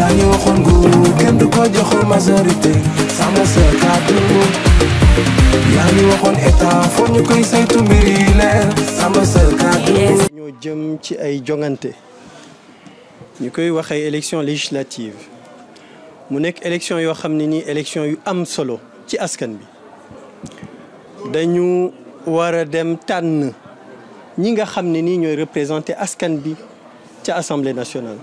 yaa ñu waxoon nguur kenn du ko jox majorité sama sa kàddu yaa ñu waxoon état foo ñu koy saytu mbir yi leer sama sa kàddu ñoo jëm ci ay jongante ñu koy wax élection législative mu nekk élection yoo xam ne nii élection yu am solo ci askan bi dañu war a dem tànn ñi nga xam ne nii ñooy représenté askan bi ca assemblée nationale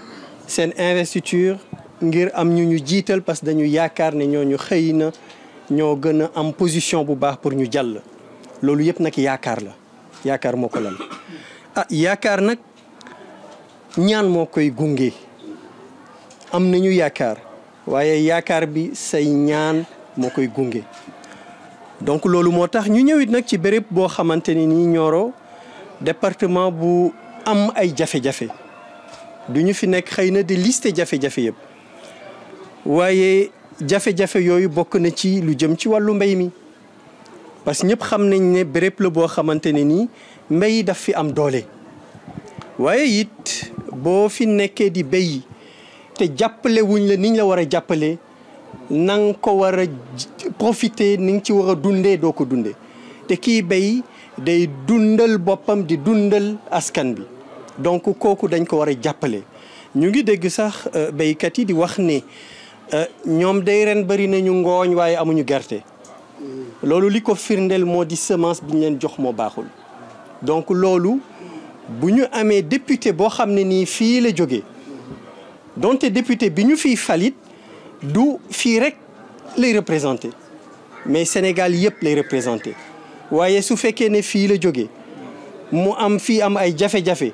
seen investiture ngir am ñu ñu jiital parce que dañu yaakaar ne ñooñu xëy na ñoo am position bu baax pour ñu jall lolu yëpp nak yaakaar la yaakaar moko lan ah yaakaar nak ñaan mo koy gunge am nañu yaakaar waye yaakaar bi say ñaan mo koy gunge donc lolu motax ñu ñëwit nak ci béréb bo xamante ni ñoro département bu am ay jafé jafé du ñu fi nekk xëy na di liste jafe-jafe yëpp waaye jafe-jafe yooyu bokk na ci lu jëm ci wàllu mbéy mi parce que ñëpp xam nañ ne béréb la boo xamante ne nii mbéy daf fi am doole waaye it boo fi nekkee di béy te jàppale wuñ la niñ la war a jàppale na ko war a profiter ni nga ci war a dundee doo ko dunde te ki béy day dundal boppam di dundal askan bi donc koku dañ ko wara jappalé ñu ngi dégg sax euh, béykat yi di wax né euh, ñom day reen bari nañu ngooñ waye amuñu gerte lolu liko firndel modi di semence bi ñu leen jox mo baxul donc lolu buñu amé député bo xamné ni fi fii la jógee donte député biñu fi falit du rek lay représenté mais Sénégal yépp lay représenté waye su féké ne fi la joggé mu am fi am ay jafé jafé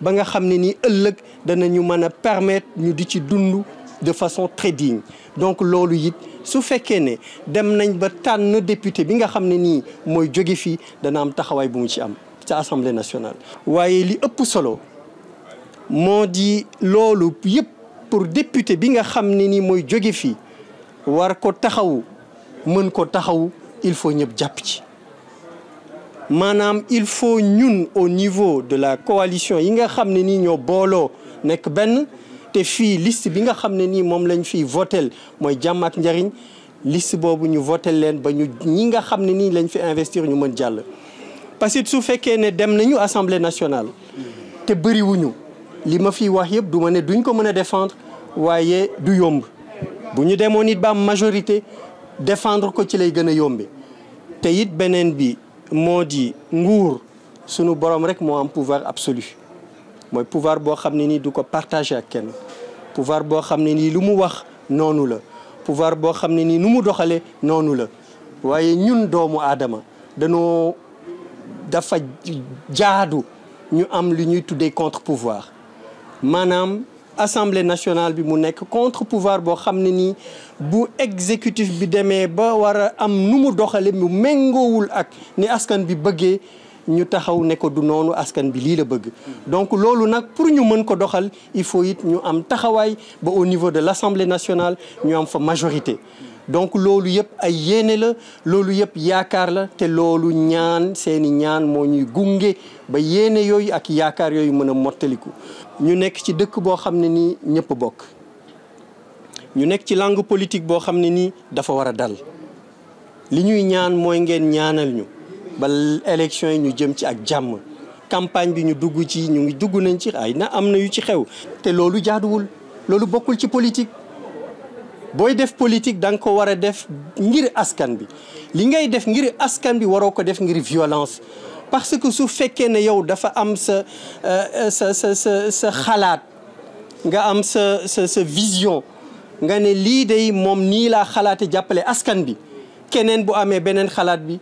ba nga xam ni ëllëg danañu mën mëna permettre ñu di ci de façon très digne donc lolu yit su fekkee né dem nañ ba tànn député bi nga xam ni moy joggé fi dana am taxaway bu mu ci am ci assemblée nationale. wayé li ëpp solo mo di lolu yépp pour député bi nga xam ni moy joggé fi war ko taxawu mën ko taxawu il faut ñëpp japp ci. Manam, il faut ñun au niveau de la coalition yi nga xam ni ñoo bolo nek ben té fi liste bi nga xam lañ fi votel moy jàmm ak njariñ liste bobu ñu votel leen ba ñu ñi nga xam ni lañ fi investir ñu mën jàll. parce que su ne dem nañu assemblée nationale te wuñu li ma fi wax yëpp duma né duñ ko mëna défendre wayé du yomb bu ñu démo nit ba majorité défendre ko ci lay gëna yombé yombe yit benen bi. Maudit, Ngour, ce sunu borom rek pouvoir absolu Le pouvoir bo xam ni ak pouvoir bo xam ni lumu wax la pouvoir de ni numu mu la Waye ñun doomu nous Le dafa jaadu ñu am contre pouvoir Manam assemblée nationale bi mu nek contre pouvoir bo xamné ni bu exécutif bi démé ba wara am numu mu doxale mu mengowul ak ni askan bi bëggé ñu taxaw ne ko du nonu askan bi li la bëgg donc loolu nak pour ñu mën ko doxal il faut it ñu am taxaway ba au niveau de l'assemblée nationale ñu am fa majorité donc loolu yëpp ay yéene la loolu yëpp yaakaar la te loolu ñaan seeni ñaan moo ñuy gunge ba yéene yooyu ak yaakaar yooyu mën a mottaliku ñu nekk ci dëkk boo xam ne nii ñëpp bokk ñu nekk ci langue politique boo xam ne nii dafa war a dal li ñuy ñaan mooy ngeen ñaanal ñu ba élection yi ñu jëm ci ak jàmm campagne bi ñu dugg ci ñu ngi dugg nañ ci ay na am na yu ci xew te loolu jaaduwul loolu bokkul ci politique booy def politique da nga ko war a def ngir askan bi li ngay def ngir askan bi waroo ko def ngir violence parce que su fekkee ne yow dafa am sa euh, euh, sa sa sa sa xalaat nga am sa sa sa vision nga ne lii day moom nii laa xalaate jàppale askan bi keneen bu amee beneen xalaat bi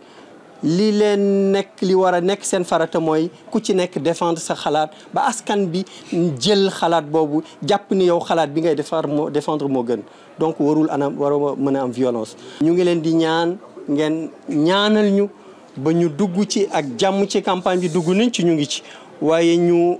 lii leen nekk li war a nekk seen farata mooy ku ci nekk défendre sa xalaat ba askan bi jël xalaat boobu jàpp ni yow xalaat bi ngay defar moo défendre moo gën donc warul anam waroo mën a am violence. ñu ngi leen di ñaan ngeen ñaanal ñu ba ñu dugg ci ak jàmm ci campagne bi dugg nañ ci ñu ngi ci waaye ñu.